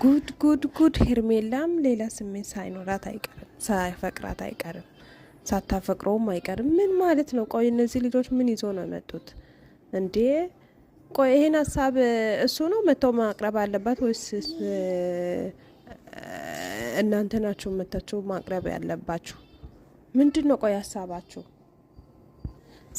ጉድ ጉድ ጉድ! ሄርሜላም ሌላ ስሜት ሳይኖራት አይቀርም፣ ሳይፈቅራት አይቀርም፣ ሳታፈቅረውም አይቀርም። ምን ማለት ነው? ቆይ እነዚህ ልጆች ምን ይዞ ነው የመጡት እንዴ? ቆይ ይሄን ሀሳብ እሱ ነው መጥተው ማቅረብ አለባት ወይስ እናንተ ናችሁ መታችሁ ማቅረብ ያለባችሁ? ምንድን ነው ቆይ ሀሳባችሁ?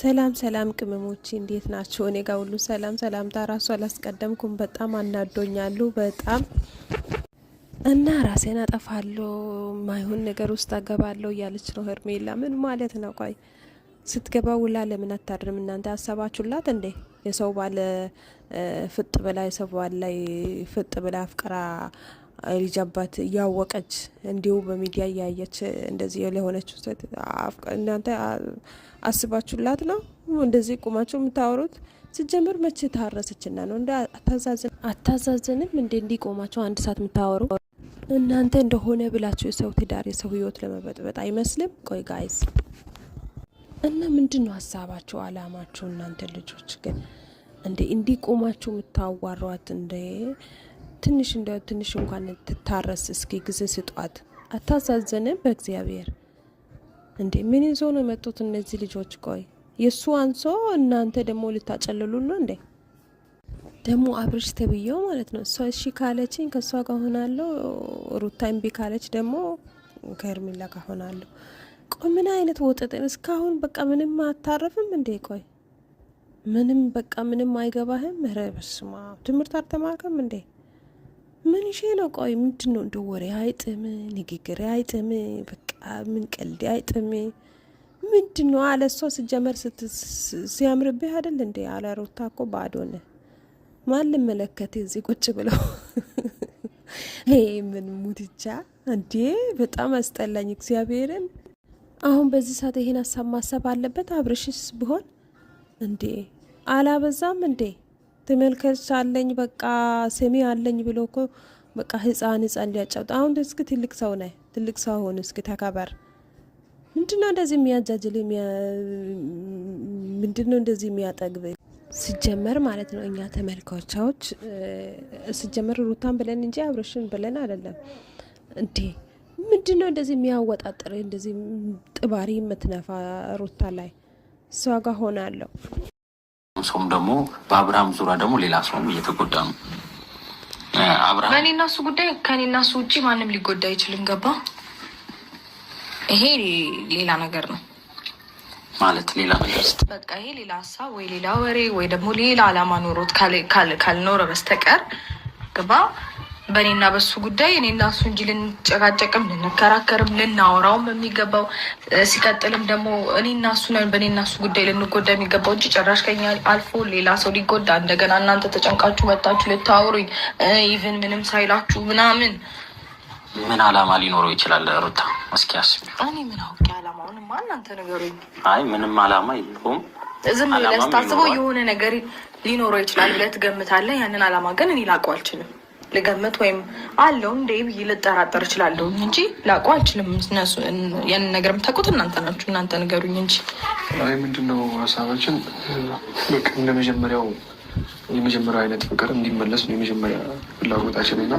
ሰላም ሰላም ቅመሞች እንዴት ናቸው? እኔ ጋር ሁሉ ሰላም። ሰላምታ ራሱ አላስቀደምኩም። በጣም አናዶኛሉ። በጣም እና ራሴን አጠፋለሁ፣ ማይሆን ነገር ውስጥ አገባለሁ እያለች ነው ሄርሜላ። ምን ማለት ነው? ቆይ ስትገባ ውላ ለምን አታድርም? እናንተ ያሰባችሁላት እንዴ? የሰው ባለ ፍጥ ብላ የሰው ባለ ፍጥ ብላ አፍቅራ የልጅ አባት እያወቀች እንዲሁ በሚዲያ እያየች እንደዚህ ለሆነችው ሴት እናንተ አስባችሁላት ነው እንደዚህ ቁማችሁ የምታወሩት? ሲጀምር መቼ ታረሰችና ነው እንደ አታዛዝንም? እንዴ? እንዲህ ቆማችሁ አንድ ሰዓት የምታወሩ እናንተ እንደሆነ ብላችሁ የሰው ትዳር የሰው ህይወት ለመበጥበጥ አይመስልም? ቆይ ጋይዝ እና ምንድን ነው ሀሳባችሁ አላማችሁ? እናንተ ልጆች ግን እንዴ እንዲህ ቆማችሁ የምታዋሯት እንዴ? ትንሽ እንደ ትንሽ እንኳን ትታረስ እስኪ ጊዜ ስጧት። አታሳዘንም? በእግዚአብሔር እንዴ ምን ይዞ ነው የመጡት እነዚህ ልጆች? ቆይ የእሱ አንሶ እናንተ ደግሞ ልታጨልሉ ነው እንዴ? ደግሞ አብርሽ ተብዬው ማለት ነው እሷ እሺ ካለችኝ ከእሷ ጋር ሆናለሁ፣ ሩታ እምቢ ካለች ደግሞ ከእርሚላ ጋር ሆናለሁ። ቆይ ምን አይነት ወጠጤን እስካሁን በቃ ምንም አታረፍም እንዴ? ቆይ ምንም በቃ ምንም አይገባህም? ኧረ በስመ አብ ትምህርት አልተማርክም እንዴ? ምን ይዤ ነው? ቆይ ምንድን ነው እንደ ወሬ አይጥም፣ ንግግር አይጥም፣ በቃ ምን ቀልድ አይጥም። ምንድን ነው አለ እሷ። ስጀመር ሲያምርብህ አይደል እንዴ? አለ ሩታ እኮ ባዶ ነህ። ማን ልመለከት እዚህ ቁጭ ብለው ይሄ ምን ሙትቻ እንዴ! በጣም አስጠላኝ እግዚአብሔርን። አሁን በዚህ ሰዓት ይሄን ሀሳብ ማሰብ አለበት። አብርሽስ ቢሆን እንዴ አላበዛም እንዴ? ተመልከች አለኝ በቃ ስሜ አለኝ ብሎ እኮ በቃ ህፃን ህፃን ሊያጫውጥ አሁን እስኪ ትልቅ ሰው ነ ትልቅ ሰው ሆን እስኪ ተከበር። ምንድነው እንደዚህ የሚያጃጅል? ምንድነው እንደዚህ የሚያጠግብ ሲጀመር ማለት ነው። እኛ ተመልካቾች ሲጀመር ሩታን ብለን እንጂ አብረሽን ብለን አይደለም እንዴ። ምንድነው እንደዚህ የሚያወጣጥር እንደዚህ ጥባሪ የምትነፋ ሩታ ላይ እሷ ጋር ሆናለሁ ሰውም ደግሞ በአብርሃም ዙሪያ ደግሞ ሌላ ሰውም እየተጎዳ ነው። በእኔና እሱ ጉዳይ ከእኔና እሱ ውጭ ማንም ሊጎዳ አይችልም። ገባ? ይሄ ሌላ ነገር ነው ማለት ሌላ ነገር በቃ ይሄ ሌላ ሀሳብ ወይ ሌላ ወሬ ወይ ደግሞ ሌላ አላማ ኖሮት ካልኖረ በስተቀር ገባ በእኔና በሱ ጉዳይ እኔና እሱ እንጂ ልንጨቃጨቅም ልንከራከርም ልናወራውም የሚገባው ሲቀጥልም ደግሞ እኔና እሱ ነን በእኔና እሱ ጉዳይ ልንጎዳ የሚገባው እንጂ ጭራሽ ከኛ አልፎ ሌላ ሰው ሊጎዳ እንደገና እናንተ ተጨንቃችሁ መታችሁ ልታወሩኝ ኢቨን ምንም ሳይላችሁ ምናምን ምን አላማ ሊኖረው ይችላል? ሩታ እስኪ አስቢ። እኔ ምን አውቄ አላማውን ማ እናንተ ነገሩኝ። አይ ምንም አላማ የለውም። ዝም ብለህ ስታስበው የሆነ ነገር ሊኖረው ይችላል ብለህ ትገምታለህ። ያንን አላማ ግን እኔ ላውቀው አልችልም። ልገምት ወይም አለው እንደ ብዬ ልጠራጠር እችላለሁ እንጂ ላውቀው አልችልም። ያንን ነገር የምታውቁት እናንተ ናችሁ፣ እናንተ ንገሩኝ እንጂ። ምንድነው ሀሳባችን እንደ መጀመሪያው የመጀመሪያው አይነት ፍቅር እንዲመለስ ነው የመጀመሪያ ፍላጎታችን እና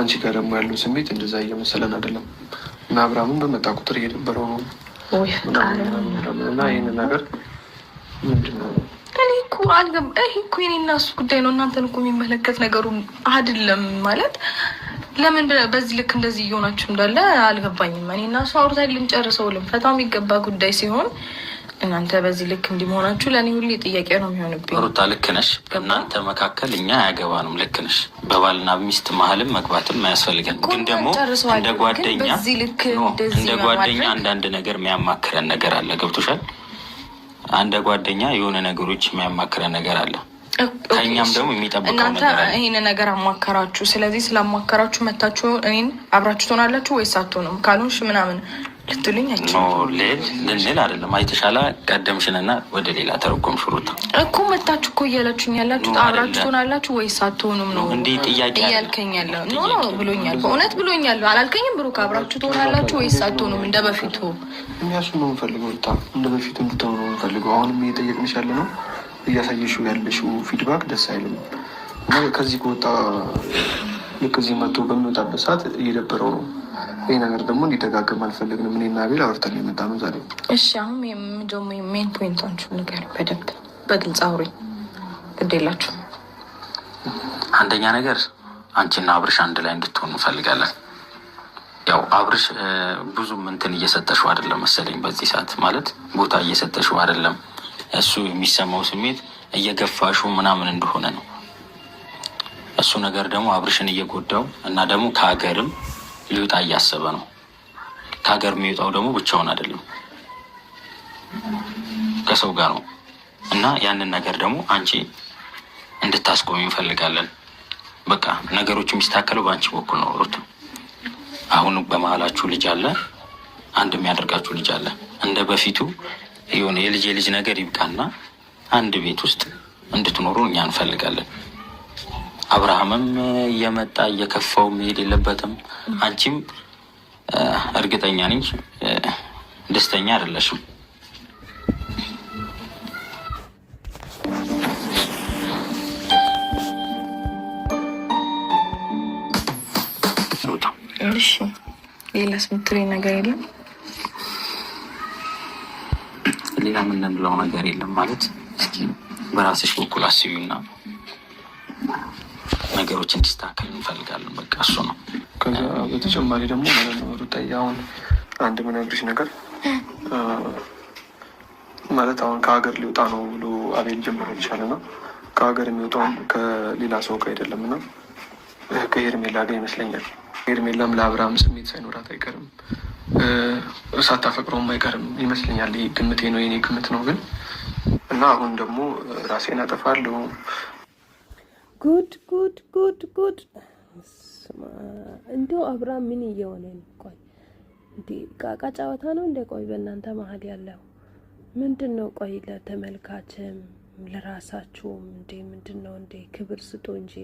አንቺ ጋር ደግሞ ያለው ስሜት እንደዛ እየመሰለን አይደለም እና አብርሃምን በመጣ ቁጥር እየነበረው ነው እና ይህንን ነገር ምንድነው እኮ አልገም እኮ የኔ እና እሱ ጉዳይ ነው። እናንተን እኮ የሚመለከት ነገሩ አይደለም ማለት ለምን በዚህ ልክ እንደዚህ እየሆናችሁ እንዳለ አልገባኝም። እኔ እና እሱ አውርተን ልንጨርሰው ልንፈታ የሚገባ ጉዳይ ሲሆን እናንተ በዚህ ልክ እንዲመሆናችሁ ለእኔ ሁሌ ጥያቄ ነው የሚሆንብኝ። ሩታ ልክ ነሽ። እናንተ መካከል እኛ አያገባንም። ልክ ነሽ። በባልና ሚስት መሀልም መግባትም አያስፈልገን። ግን ደግሞ እንደ ጓደኛ እንደ ጓደኛ አንዳንድ ነገር የሚያማክረን ነገር አለ። ገብቶሻል አንደ ጓደኛ የሆነ ነገሮች የሚያማክረን ነገር አለ ከእኛም ደግሞ የሚጠብቀው እናንተ ይህን ነገር አማከራችሁ። ስለዚህ ስላማከራችሁ መታችሁ እኔን አብራችሁ ትሆናላችሁ ወይስ አትሆኑም? ካልሆንሽ ምናምን ልትሉኝ ልል ልንል አይደለም። አይተሻላ ቀደምሽንና ወደ ሌላ ተረጎምሽ ሩታ ሁለታችሁ እኮ እያላችሁኝ ያላችሁ አብራችሁ ትሆናላችሁ ወይስ አትሆኑም ነው እንዴ? ጥያቄ እያልከኝ ያለው? ኖ ኖ ብሎኛል፣ በእውነት ብሎኛል። አላልከኝም? ብሩክ አብራችሁ ትሆናላችሁ ወይስ አትሆኑም? እንደ በፊቱ እኛሱ ነው የምፈልገው። በጣም እንደ በፊቱ እንድትሆኑ ነው የምፈልገው። አሁንም እየጠየቅንሽ ያለ ነው፣ እያሳየሽው ያለሽው ፊድባክ ደስ አይልም። ከዚህ ከወጣ ልክ እዚህ መጥቶ በሚወጣበት ሰዓት እየደበረው ነው። ይህ ነገር ደግሞ እንዲደጋገም አልፈለግንም። እኔና ቤል አውርተን የመጣ ነው ዛሬ። እሺ አሁን ሜን ፖይንታችሁ ነገር በደንብ በግልጽ አውሪ፣ ግድ የላችሁ። አንደኛ ነገር አንቺና አብርሽ አንድ ላይ እንድትሆኑ እንፈልጋለን። ያው አብርሽ ብዙም እንትን እየሰጠሽው አይደለም መሰለኝ፣ በዚህ ሰዓት ማለት ቦታ እየሰጠሽው አይደለም። እሱ የሚሰማው ስሜት እየገፋሽው ምናምን እንደሆነ ነው። እሱ ነገር ደግሞ አብርሽን እየጎዳው እና ደግሞ ከሀገርም ሊወጣ እያሰበ ነው። ከሀገር የሚወጣው ደግሞ ብቻውን አይደለም ከሰው ጋር ነው። እና ያንን ነገር ደግሞ አንቺ እንድታስቆሚ እንፈልጋለን። በቃ ነገሮች የሚስተካከለው በአንቺ በኩል ነው ሩት። አሁን በመሀላችሁ ልጅ አለ፣ አንድ የሚያደርጋችሁ ልጅ አለ። እንደ በፊቱ የሆነ የልጅ የልጅ ነገር ይብቃና አንድ ቤት ውስጥ እንድትኖሩ እኛ እንፈልጋለን። አብርሃምም እየመጣ እየከፋው መሄድ የለበትም። አንቺም እርግጠኛ ነኝ ደስተኛ አይደለሽም። እሺ፣ ሌላስ የምትለኝ ነገር የለም? ሌላ የምንለው ነገር የለም ማለት እስኪ በራስሽ በኩል አስቢና ነገሮች እንዲስተካከል እንፈልጋለን። በቃ እሱ ነው። ከዛ በተጨማሪ ደግሞ ሩጣዬ አሁን አንድ የምነግርሽ ነገር ማለት አሁን ከሀገር ሊወጣ ነው ብሎ አቤል ጀምሮ ይቻለ ነው። ከሀገር የሚወጣውም ከሌላ ሰው ጋር አይደለም እና ከሄርሜላ ጋር ይመስለኛል ሄርሜላም ለአብርሃም ስሜት ሳይኖራት አይቀርም፣ ሳታፈቅረውም አይቀርም ይመስለኛል። ይሄ ግምቴ ነው፣ የኔ ግምት ነው ግን እና አሁን ደግሞ ራሴን አጠፋለሁ። ጉድ ጉድ ጉድ ጉድ! እንዲያው አብርሃም ምን እየሆነ ነው? ቆይ ቃቃ ጨዋታ ነው እንደ ቆይ በእናንተ መሀል ያለው ምንድን ነው? ቆይ ለተመልካችም ለራሳችሁም እንዴ ምንድን ነው እንዴ? ክብር ስጡ እንጂ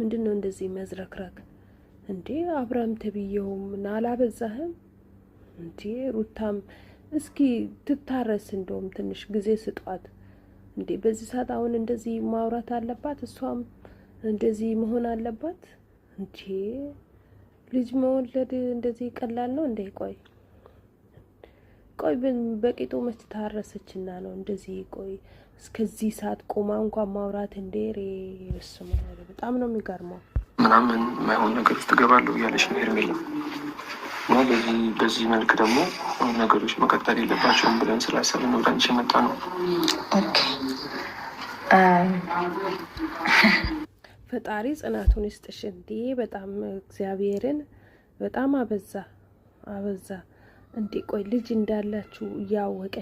ምንድን ነው እንደዚህ መዝረክረክ? እንዴ አብርሃም ተብዬውም እና አላበዛህም እንዴ ሩታም እስኪ ትታረስ እንደውም ትንሽ ጊዜ ስጧት እንዴ በዚህ ሰዓት አሁን እንደዚህ ማውራት አለባት እሷም እንደዚህ መሆን አለባት እንዴ ልጅ መወለድ እንደዚህ ቀላል ነው እንዴ ቆይ ቆይ በቂጡ መች ታረሰችና ነው እንደዚህ ቆይ እስከዚህ ሰዓት ቆማ እንኳን ማውራት እንዴ ሬ በጣም ነው የሚገርመው ምናምን የማይሆን ነገር ውስጥ እገባለሁ እያለች ነው ሄርሜላ እና በዚህ በዚህ መልክ ደግሞ ነገሮች መቀጠል የለባቸውም ብለን ስላሰብ ነው ወደ የመጣ ነው። ፈጣሪ ጽናቱን ይስጥሽ። እንዲ በጣም እግዚአብሔርን በጣም አበዛ አበዛ። እንዲ ቆይ ልጅ እንዳላችሁ እያወቀ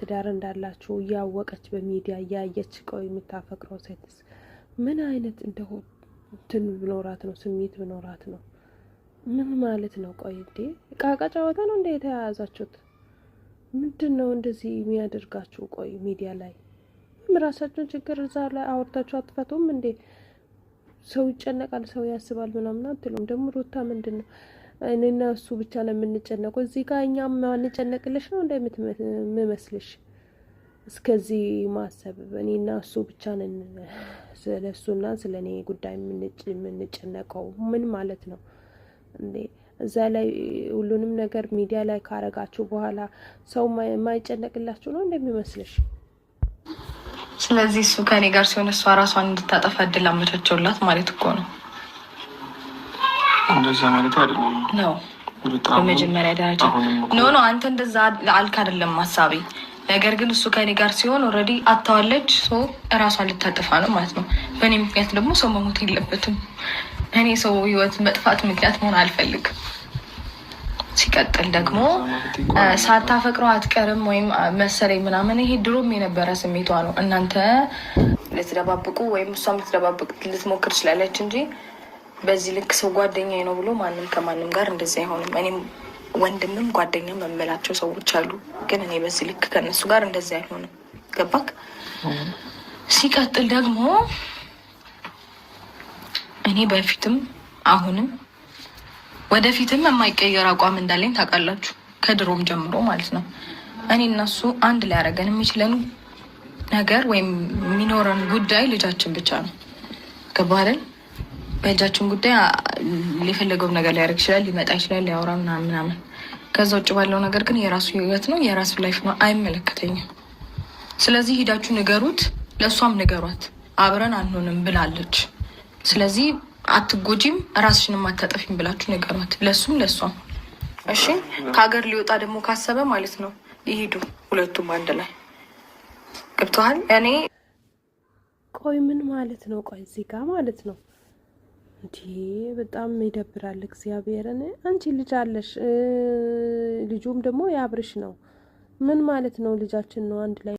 ትዳር እንዳላችሁ እያወቀች በሚዲያ እያየች ቆይ የምታፈቅረው ሴትስ ምን አይነት እንደሆነ እንትን ብኖራት ነው ስሜት ብኖራት ነው። ምን ማለት ነው? ቆይ እንዴ እቃ እቃ ጨዋታ ነው እንደ የተያያዛችሁት ምንድን ነው እንደዚህ የሚያደርጋችሁ? ቆይ ሚዲያ ላይ ራሳችሁን ችግር እዛ ላይ አውርታችሁ አትፈቱም እንዴ? ሰው ይጨነቃል፣ ሰው ያስባል ምናምን አትሉም። ደግሞ ሩታ ምንድን ነው እኔና እሱ ብቻ ነው የምንጨነቀው እዚህ ጋር እኛም ማንጨነቅልሽ ነው እንደምትመስልሽ እስከዚህ ማሰብ እኔና እሱ ብቻ ነን ስለ እሱና ስለ እኔ ጉዳይ የምንጨነቀው ምን ማለት ነው እንዴ? እዛ ላይ ሁሉንም ነገር ሚዲያ ላይ ካረጋችሁ በኋላ ሰው የማይጨነቅላችሁ ነው እንደሚመስልሽ። ስለዚህ እሱ ከኔ ጋር ሲሆን እሷ ራሷን እንድታጠፋ እድል አመቻቸውላት ማለት እኮ ነው። እንደዛ ማለት አይደለም ነው በመጀመሪያ ደረጃ ኖ ኖ አንተ እንደዛ አልክ አይደለም ሀሳቤ ነገር ግን እሱ ከኔ ጋር ሲሆን ኦልሬዲ አታዋለች ሰው እራሷ ልታጠፋ ነው ማለት ነው። በእኔ ምክንያት ደግሞ ሰው መሞት የለበትም። እኔ ሰው ህይወት መጥፋት ምክንያት መሆን አልፈልግም። ሲቀጥል ደግሞ ሳታፈቅረው አትቀርም ወይም መሰለኝ ምናምን ይሄ ድሮም የነበረ ስሜቷ ነው። እናንተ ልትደባብቁ ወይም እሷም ልትደባብቅ ልትሞክር ትችላለች እንጂ በዚህ ልክ ሰው ጓደኛ ነው ብሎ ማንም ከማንም ጋር እንደዚህ አይሆንም። እኔም ወንድምም ጓደኛም መመላቸው ሰዎች አሉ። ግን እኔ በዚህ ልክ ከነሱ ጋር እንደዚህ አይሆንም። ገባክ? ሲቀጥል ደግሞ እኔ በፊትም አሁንም ወደፊትም የማይቀየር አቋም እንዳለኝ ታውቃላችሁ። ከድሮም ጀምሮ ማለት ነው። እኔ እነሱ አንድ ሊያደርገን የሚችለን ነገር ወይም የሚኖረን ጉዳይ ልጃችን ብቻ ነው። ገባ አይደል? በእጃችን ጉዳይ ሊፈለገው ነገር ሊያደርግ ይችላል፣ ሊመጣ ይችላል፣ ሊያወራ ምናምን ምናምን። ከዛ ውጭ ባለው ነገር ግን የራሱ ህይወት ነው፣ የራሱ ላይፍ ነው፣ አይመለከተኝም። ስለዚህ ሂዳችሁ ንገሩት፣ ለእሷም ንገሯት። አብረን አንሆንም ብላለች። ስለዚህ አትጎጂም፣ ራስሽንም አታጠፊም ብላችሁ ንገሯት፣ ለሱም ለእሷም። እሺ ከሀገር ሊወጣ ደግሞ ካሰበ ማለት ነው ይሄዱ፣ ሁለቱም አንድ ላይ ገብተዋል። እኔ ቆይ ምን ማለት ነው? ቆይ እዚህ ማለት ነው እንዴ በጣም ይደብራል። እግዚአብሔርን አንቺ ልጅ አለሽ፣ ልጁም ደግሞ የአብርሽ ነው። ምን ማለት ነው? ልጃችን ነው አንድ ላይ